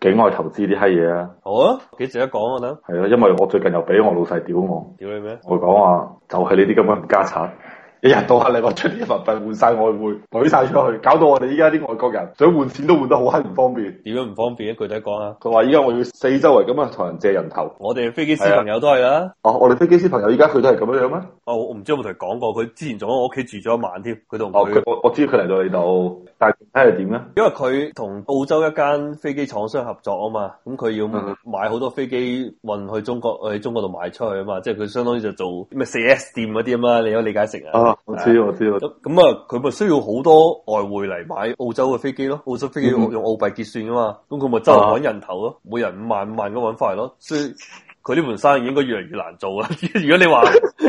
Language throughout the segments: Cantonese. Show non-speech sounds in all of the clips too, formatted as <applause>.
境外投資啲閪嘢啊，好啊，幾時一講我諗？係咯，因為我最近又俾我老細屌我，屌你咩？我講話就係呢啲根本冚家鏟。一日到黑你話出啲貨幣換晒外匯，舉晒出去，搞到我哋依家啲外國人想換錢都換得好閪唔方便。點樣唔方便咧？具體講啊。佢話依家我要四周圍咁樣，同人借人頭。我哋飛機師朋友都係啊。哦，我哋飛機師朋友依家佢都係咁樣樣咩？他他哦，我唔知有冇同佢講過，佢之前仲喺我屋企住咗一晚添。佢同哦，佢我我知佢嚟到你度，但係點咧？因為佢同澳洲一間飛機廠商合作啊嘛，咁佢要買好多飛機運去中國，去中國度賣出去啊嘛，即係佢相當於就做咩四 S 店嗰啲咁嘛。你可以理解成啊。哦啊、我知道我知道，咁咁啊，佢咪、啊、需要好多外匯嚟買澳洲嘅飛機咯？澳洲飛機用、嗯、用澳幣結算噶嘛？咁佢咪周圍搵人頭咯？啊、每人五萬五萬咁搵翻嚟咯？所以佢呢盤生意應該越嚟越難做啊！如果你話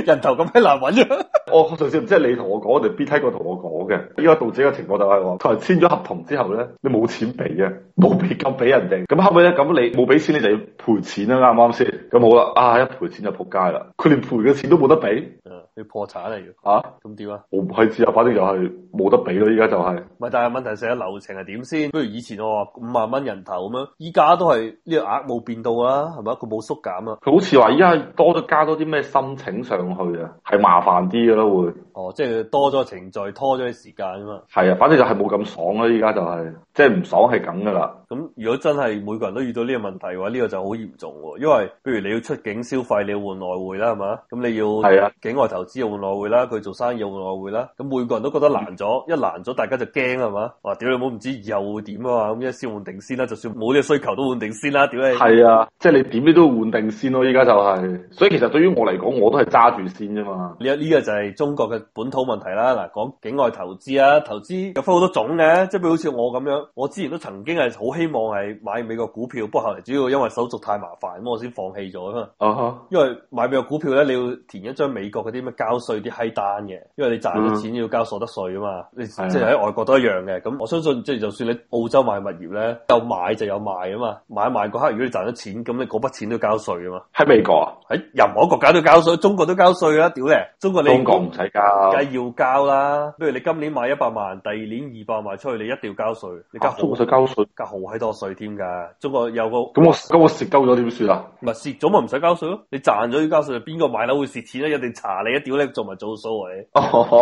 人頭咁閪難搵啫，我上次唔知係你同我講，我哋必 T 個同我講嘅，呢個讀者嘅情況就係、是、話，同人簽咗合同之後咧，你冇錢俾嘅，冇俾夠俾人哋，咁後尾咧，咁你冇俾錢，你就要賠錢啦，啱唔啱先？咁好啦，啊一賠錢就仆街啦，佢連賠嘅錢都冇得俾。你破產嚟嘅，咁點啊？樣樣我唔係自由，反正就係冇得畀咯，依家就係、是。唔係，但係問題成個流程係點先？不如以前我話五萬蚊人頭咁樣，依家都係呢個額冇變到啦，係咪？佢冇縮減啊。佢好似話依家多咗加多啲咩申請上去啊，係麻煩啲嘅囉會。哦，即係多咗程序，拖咗啲時間啊嘛。係啊，反正就係冇咁爽啦，啊，依家就係、是，即係唔爽係咁噶啦。咁如果真係每個人都遇到呢個問題嘅話，呢、呢個就好嚴重喎。因為，譬如你要出境消費，你要換外匯啦，係嘛？咁你要境外投資又換外匯啦，佢做生意又換外匯啦。咁每個人都覺得難咗，嗯、一難咗，大家就驚係嘛？哇，屌、啊、你冇唔知又點啊嘛？咁一先換定先啦，啊，就算冇呢個需求都換定先啦，啊。屌你！係啊，即係你點都換定先咯，啊。依家就係、是，所以其實對於我嚟講，我都係揸住先啫、啊、嘛。呢個呢個就係中國嘅本土問題啦，嗱講境外投資啊，投資又分好多種嘅，即係譬如好似我咁樣，我之前都曾經係好希望係買美國股票，不過後嚟主要因為手續太麻煩，咁我先放棄咗啊嘛。Uh huh. 因為買美國股票咧，你要填一張美國嗰啲咩交稅啲閪單嘅，uh huh. 因為你賺咗錢、uh huh. 要交所得稅啊嘛。Uh huh. 你即係喺外國都一樣嘅。咁我相信即係就算你澳洲買物業咧，有買就有賣啊嘛。買賣嗰刻，如果你賺咗錢，咁你嗰筆錢都交稅啊嘛。喺美國啊，喺任何一國家都交稅，中國都交稅啊！屌你，中國你中國唔使交。梗係要交啦，譬如你今年買一百萬，第二年二百萬出去，你一定要交稅，你、啊、交好稅交稅，交好閪多稅添噶。中國有個咁我咁我蝕鳩咗點算啊？唔係蝕咗咪唔使交稅咯？你賺咗要交稅，邊個買樓會蝕錢咧？一定查你，一屌你做埋做數嚟。你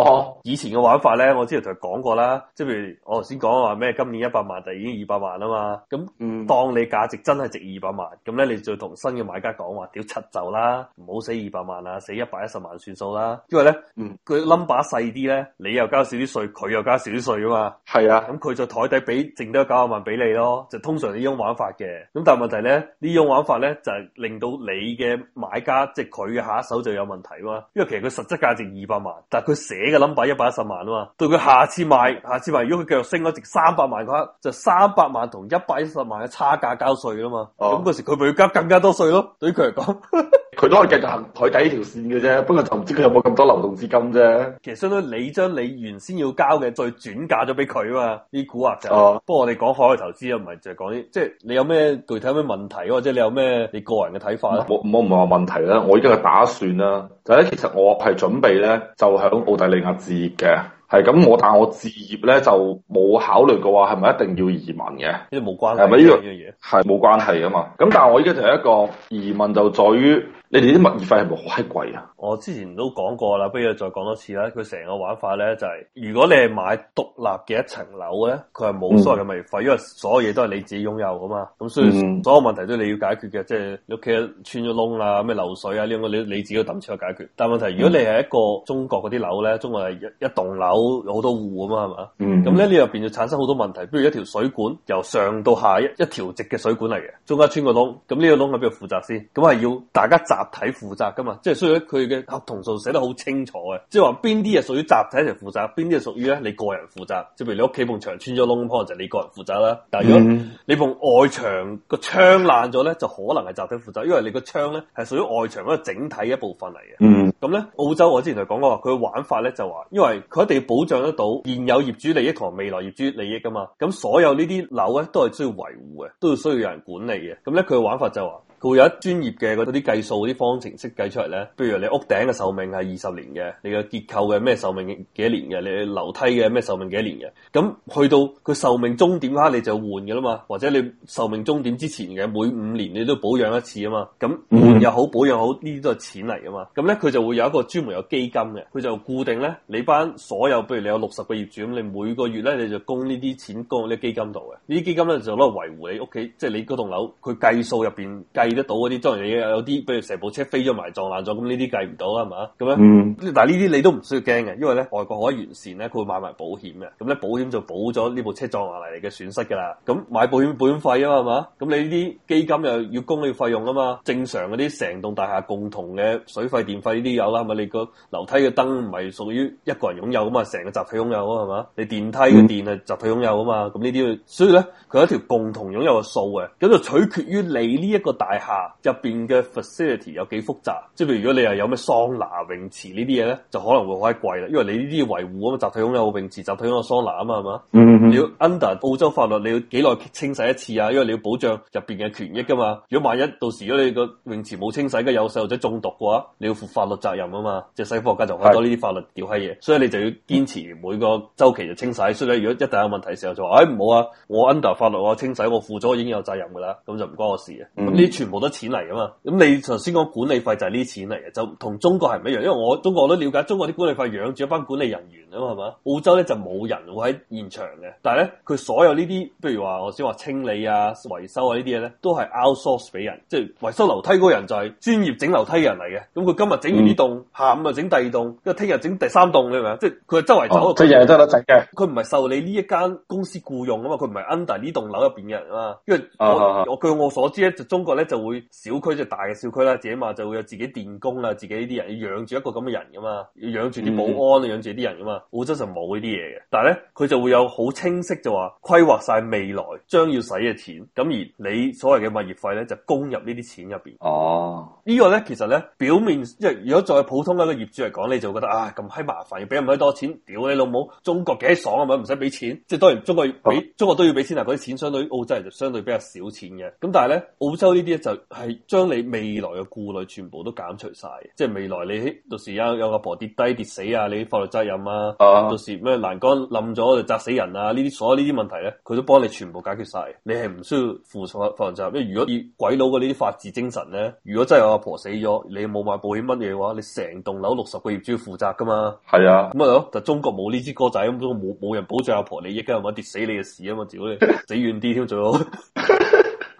哦，以前嘅玩法咧，我之前同佢講過啦，即係譬如我頭先講話咩，今年一百萬第二已經二百萬啦嘛。咁、嗯、當你價值真係值二百萬，咁咧你就同新嘅買家講話，屌七就啦，唔好死二百萬啦，死一百一十萬算數啦。因為咧，嗯。number 細啲咧，你又交少啲稅，佢又交少啲稅噶嘛？係啊，咁佢就台底俾剩低九十萬俾你咯，就通常呢種玩法嘅。咁但係問題咧，呢種玩法咧就係、是、令到你嘅買家即係佢嘅下一手就有問題啊嘛。因為其實佢實質價值二百萬，但係佢寫嘅 number 一百一十萬啊嘛。對佢下次買，下次買如果佢繼續升咗值三百萬嘅話，就三百萬同一百一十萬嘅差價交稅啊嘛。咁嗰、哦、時佢咪要交更加多稅咯，對於佢嚟講。 <laughs> 佢都係繼續行海底呢條線嘅啫，不過就唔知佢有冇咁多流動資金啫。其實相當於你將你原先要交嘅再轉嫁咗俾佢啊嘛，啲股額者。哦。不過我哋講海外投資啊，唔係淨係講啲，即係你有咩具體有咩問題，或者你有咩你個人嘅睇法咧？我我唔係話問題啦，我而家嘅打算啦，就係咧，其實我係準備咧，就響澳大利亞置業嘅。係咁，是我但我置業咧就冇考慮嘅話，係咪一定要移民嘅？因為冇關係，係咪呢個嘢？係冇關係啊嘛。咁但係我而家就一個疑問，移民就在於你哋啲物業費係咪好閪貴啊？我之前都講過啦，不如再講多次啦。佢成個玩法咧就係、是，如果你係買獨立嘅一層樓咧，佢係冇所謂嘅物業費，嗯、因為所有嘢都係你自己擁有噶嘛。咁所以所有問題都係你要解決嘅，嗯、即係屋企穿咗窿啦，咩漏水啊呢樣，你你自己要抌錢去解決。但係問題，如果你係一個中國嗰啲樓咧，嗯、中國係一一棟樓。有好多戶啊嘛，係嘛？咁咧，呢入邊就產生好多問題。比如一條水管由上到下一一條直嘅水管嚟嘅，中間穿個窿，咁呢個窿係邊負責先？咁係要大家集體負責噶嘛？即係所以佢嘅合同數寫得好清楚嘅，即係話邊啲係屬於集體一齊負責，邊啲係屬於咧你個人負責。即係，譬如你屋企埲牆穿咗窿，可能就你個人負責啦。但係如果你埲外牆個窗爛咗咧，就可能係集體負責，因為你個窗咧係屬於外牆嗰個整體一部分嚟嘅。嗯咁呢澳洲我之前就講過話，佢嘅玩法呢就話，因為佢一定要保障得到現有業主利益同未來業主利益㗎嘛，咁所有這些樓呢啲樓呢都係需要維護嘅，都是需要有人管理嘅，咁呢，佢嘅玩法就話、是。佢有一專業嘅嗰啲啲計數啲方程式計出嚟咧，譬如你屋頂嘅壽命係二十年嘅，你嘅結構嘅咩壽命幾多年嘅，你嘅樓梯嘅咩壽命幾多年嘅，咁去到佢壽命終點啦，你就換㗎啦嘛，或者你壽命終點之前嘅每五年你都保養一次啊嘛，咁換又好保養好，呢啲都係錢嚟嘅嘛，咁咧佢就會有一個專門有基金嘅，佢就固定咧你班所有，譬如你有六十個業主咁，你每個月咧你就供呢啲錢供呢基金度嘅，呢啲基金咧就攞嚟維護你屋企，即係你嗰棟樓佢計數入邊計。計得到嗰啲，當然你有啲，比如成部車飛咗埋撞爛咗，咁呢啲計唔到啦，係嘛？咁咧、嗯，但係呢啲你都唔需要驚嘅，因為咧外國好完善咧，佢會買埋保險嘅，咁、嗯、咧保險就補咗呢部車撞爛嚟嘅損失噶啦。咁、嗯、買保險保險費啊嘛，係嘛？咁你呢啲基金又要供你費用啊嘛？正常嗰啲成棟大廈共同嘅水費、電費呢啲有啦，係咪？你個樓梯嘅燈唔係屬於一個人擁有，咁嘛，成個集體擁有啊，係嘛？你電梯嘅電啊集體擁有啊嘛？咁呢啲，所以咧佢有一條共同擁有嘅數嘅，咁就取決於你呢一個大。下入邊嘅 facility 有幾複雜，即係譬如，如果你係有咩桑拿、泳池呢啲嘢咧，就可能會開貴啦，因為你呢啲維護咁啊，集體擁有泳池、集體擁有桑拿啊嘛，係嘛？嗯、mm hmm. 你要 under 澳洲法律你要幾耐清洗一次啊？因為你要保障入邊嘅權益噶嘛。如果萬一到時如果你個泳池冇清洗，而有細路仔中毒嘅話，你要負法律責任啊嘛。即係西方國家就開多呢啲法律屌閪嘢，mm hmm. 所以你就要堅持每個周期就清洗。所以你如果一旦有問題嘅時候就話，哎唔好啊，我 under 法律我清洗我負咗已經有責任噶啦，咁就唔關我事啊。咁呢全。Hmm. 冇得錢嚟㗎嘛，咁你頭先講管理費就係呢啲錢嚟嘅，就同中國係唔一樣，因為我中國我都了解，中國啲管理費養住一班管理人員啊嘛，係嘛？澳洲咧就冇人會喺現場嘅，但係咧佢所有呢啲，譬如話我先話清理啊、維修啊呢啲嘢咧，都係 outsource 俾人，即係維修樓梯嗰個人就係，專業整樓梯嘅人嚟嘅，咁佢今日整完呢棟，嗯、下午啊整第二棟，跟住聽日整第三棟，你明唔明？即係佢周圍走，即日又得得值嘅，佢唔係受你呢一間公司雇傭啊嘛，佢唔係 under 呢棟樓入邊嘅人啊，因為我、啊啊、據我所知咧，就中國咧就。就會小區就是，大嘅小區啦，最起碼就會有自己電工啦，自己呢啲人要養住一個咁嘅人噶嘛，要養住啲保安啊，養住啲人噶嘛。澳洲就冇呢啲嘢嘅，但係咧佢就會有好清晰就話規劃晒未來將要使嘅錢，咁而你所謂嘅物業費咧就供入，啊、呢啲錢入邊。哦，呢個咧其實咧表面即係如果作為普通一個業主嚟講，你就覺得啊咁閪麻煩，要俾咁閪多錢，屌你老母！中國幾爽啊嘛，唔使俾錢，即係當然中國俾中國都要俾錢啊，嗰啲錢相對澳洲人就相對比較少錢嘅。咁但係咧澳洲呢啲就係將你未來嘅顧慮全部都減除晒，即係未來你到時啊有阿婆跌低跌死啊，你法律責任啊，uh, 到時咩欄杆冧咗就砸死人啊，呢啲所有呢啲問題咧，佢都幫你全部解決晒，你係唔需要負法律責任。因為如果以鬼佬嘅呢啲法治精神咧，如果真係有阿婆死咗，你冇買保險乜嘢嘅話，你成棟樓六十個業主要負責噶嘛？係啊，咁咪咯，但中國冇呢支歌仔，咁都冇冇人保障阿婆利益噶嘛？跌死你嘅事啊嘛只要，最好你死遠啲添最好。 <laughs>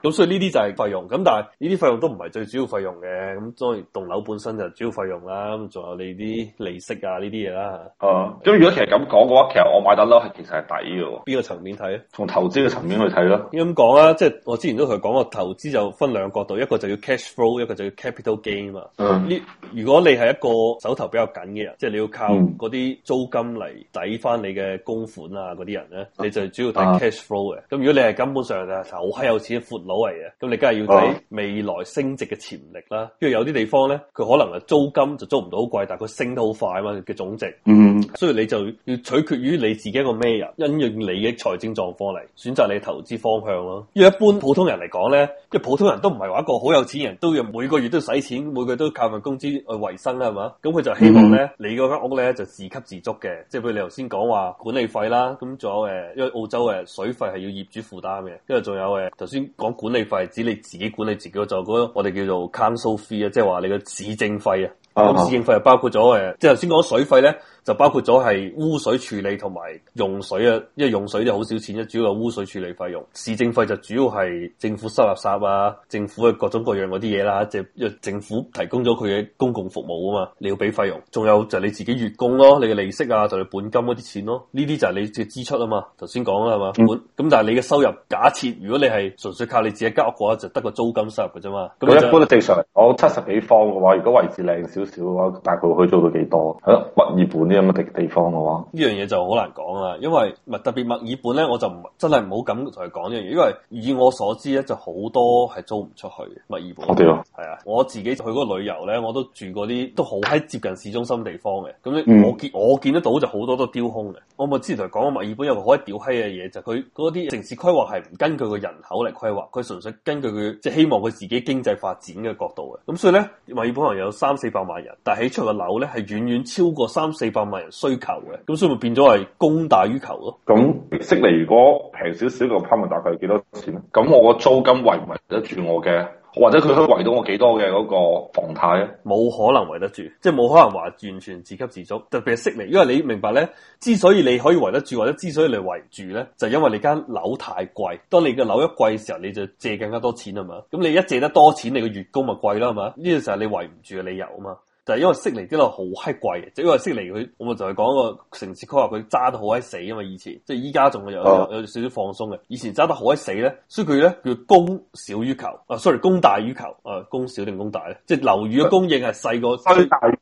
咁所以呢啲就係費用，咁但係呢啲費用都唔係最主要費用嘅，咁當然，棟樓本身就係主要費用啦，咁仲有你啲利息啊呢啲嘢啦吓。咁如果其實咁講嘅話，其實我買得樓係其實係抵嘅。邊個層面睇咧？從投資嘅層面去睇咯。咁講啦，即係、就是、我之前都同佢講過，投資就分兩角度，一個就要 cash flow，一個就要 capital gain 啊。呢、嗯、如果你係一個手頭比較緊嘅人，即、就、係、是、你要靠嗰啲租金嚟抵翻你嘅供款啊嗰啲人咧，你就主要睇 cash flow 嘅。咁、啊啊、如果你係根本上啊好閪有錢.樓嚟嘅，咁你梗係要睇未來升值嘅潛力啦。因為有啲地方咧，佢可能啊租金就租唔到好貴，但係佢升得好快啊嘛嘅總值。嗯、mm，hmm. 所以你就要取決於你自己一個咩人，因應你嘅財政狀況嚟選擇你嘅投資方向咯。因為一般普通人嚟講咧，因為普通人都唔係話一個好有錢人，都要每個月都使錢，每個月都靠份工資去維生啦，係嘛？咁佢就希望咧，mm hmm. 你嗰間屋咧就自給自足嘅。即係譬如你頭先講話管理費啦，咁仲有誒，因為澳洲嘅水費係要業主負擔嘅，因為仲有誒頭先講。管理費係指你自己管理自己嘅就嗰，是那個我哋叫做 council fee 啊，即係話你嘅市政費啊，咁、oh，市政費係包括咗誒，oh。即係頭先講水費咧。就包括咗係污水處理同埋用水啊，因為用水就好少錢啫，主要係污水處理費用。市政費就主要係政府收垃圾啊，政府嘅各種各樣嗰啲嘢啦，即係政府提供咗佢嘅公共服務啊嘛，你要俾費用。仲有就係你自己月供咯，你嘅利息啊，同埋本金嗰啲錢咯，呢啲就係你嘅支出啊嘛。頭先講啦係嘛，咁咁、嗯、但係你嘅收入，假設如果你係純粹靠你自己交屋嘅話，就得個租金收入嘅啫嘛。咁一般都正常，我七十幾方嘅話，如果位置靚少少嘅話，大概可以租到幾多？嚇，墨爾本。有冇地方嘅話，呢樣嘢就好難講啦，因為唔特別墨爾本咧，我就唔真係唔好敢同佢講呢樣嘢，因為以我所知咧，就好多係租唔出去嘅墨爾本。我哋咯，係啊，我自己去嗰個旅遊咧，我都住嗰啲都好喺接近市中心的地方嘅。咁你我,、嗯、我見我見得到就好多都丟空嘅。我咪之前同你講，墨爾本有個好屌閪嘅嘢，就佢嗰啲城市規劃係唔根據個人口嚟規劃，佢純粹根據佢即係希望佢自己經濟發展嘅角度嘅。咁所以咧，墨爾本可能有三四百萬人，但係起出嘅樓咧係遠遠超過三四百。人需求嘅，咁所以咪變咗係供大於求咯。咁悉尼如果平少少個拍賣大概幾多錢？咁我個租金圍唔圍得住我嘅，或者佢可以圍到我幾多嘅嗰個房貸？冇可能圍得住，即係冇可能話完全自給自足。特別係悉尼，因為你明白咧，之所以你可以圍得住，或者之所以你圍住咧，就係因為你間樓太貴。當你嘅樓一貴嘅時候，你就借更加多錢係嘛？咁你一借得多錢，你個月供咪貴啦係嘛？呢個就係你圍唔住嘅理由啊嘛。就係因為悉尼啲度好閪貴，只、就是、因為悉尼佢，我咪就係講個城市規劃佢揸得好閪死啊嘛！以前在即係依家仲有有少少放鬆嘅，以前揸得好閪死咧，所以佢咧叫供小於求啊。sorry，供大於求啊，供小定供大咧？即係樓宇嘅供應係細過。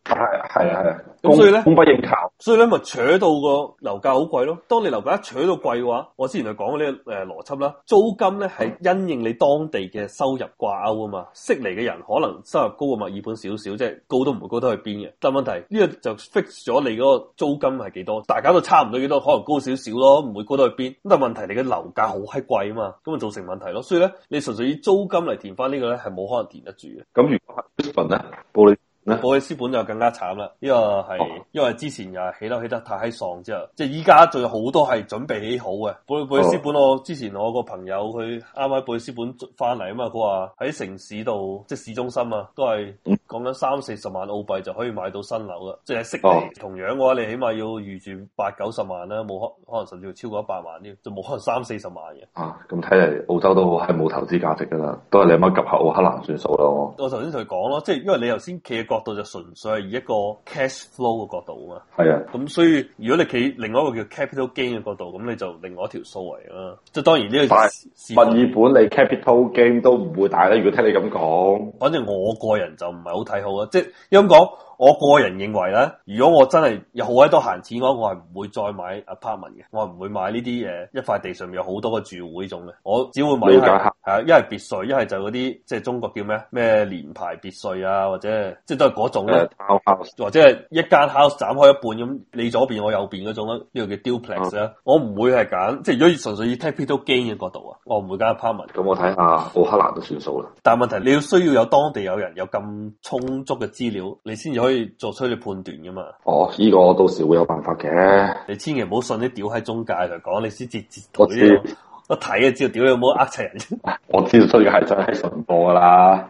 係係啊係，咁所以咧，供不應求，所以咧咪扯到個樓價好貴咯。當你樓價一扯到貴嘅話，我之前就講過呢個誒邏輯啦，租金咧，係因應你當地嘅收入掛鈎啊嘛。悉尼嘅人可能收入高啊嘛，二本少少即係高都唔會高得去邊嘅。但係問題，呢個就 fix 咗你嗰個租金係幾多，大家都差唔多幾多，可能高少少咯，唔會高得去邊。咁但係問題，你嘅樓價好閪貴啊嘛，咁啊造成問題咯。所以咧，你純粹以租金嚟，填翻呢個咧，係冇可能填得住嘅。咁如果係呢，布利？布里斯本就更加慘啦，呢個係因為之前又起樓起得太閪喪，之後即係依家仲有好多係準備起好嘅。布布里斯本，啊、我之前我個朋友佢啱啱喺布里斯本翻嚟啊嘛，佢話喺城市度即係市中心啊，都係講緊三四十萬澳幣就可以買到新樓嘅，即係悉尼同樣嘅話，你起碼要預住八九十萬啦，冇可可能甚至乎超過一百萬添，就冇可能三四十萬嘅。啊，咁睇嚟澳洲都係冇投資價值噶啦，都係你阿媽夾下我奧克蘭算數咯。我頭先同佢講咯，即係因為你頭先企角度就純粹係以一個 cash flow 嘅角度啊嘛，係啊的，咁所以如果你企另外一個叫 capital gain 嘅角度，咁你就另外一條數嚟啦。即係當然呢個事物業本利 capital gain 都唔會大啦。如果聽你咁講，反正我個人就唔係好睇好啊。即係點講？我個人認為咧，如果我真係有好多閒錢嘅話，我係唔會再買 apartment 嘅，我係唔會買呢啲嘢。一塊地上面有好多個住戶呢種嘅。我只會買係啊，一係別墅，一係就嗰啲即係中國叫咩咩連排別墅啊，或者即嗰種咧，呃、或者係一間 house 斬開一半咁，你左邊我右邊嗰種咧，呢、這個叫 duplex 咧、嗯。我唔會係揀，即係如果純粹以 capital gain 嘅角度啊，我唔會揀 apartment。咁我睇下奧克蘭都算數啦。但係問題你要需要有當地有人有咁充足嘅資料，你先至可以作出啲判斷噶嘛。哦，呢、這個我到時會有辦法嘅、就是。你千祈唔好信啲屌喺中介嚟講，你先直接我知。我睇啊，知道屌你有冇呃齊人。 <laughs> 我知道，出嘅係真係播多啦。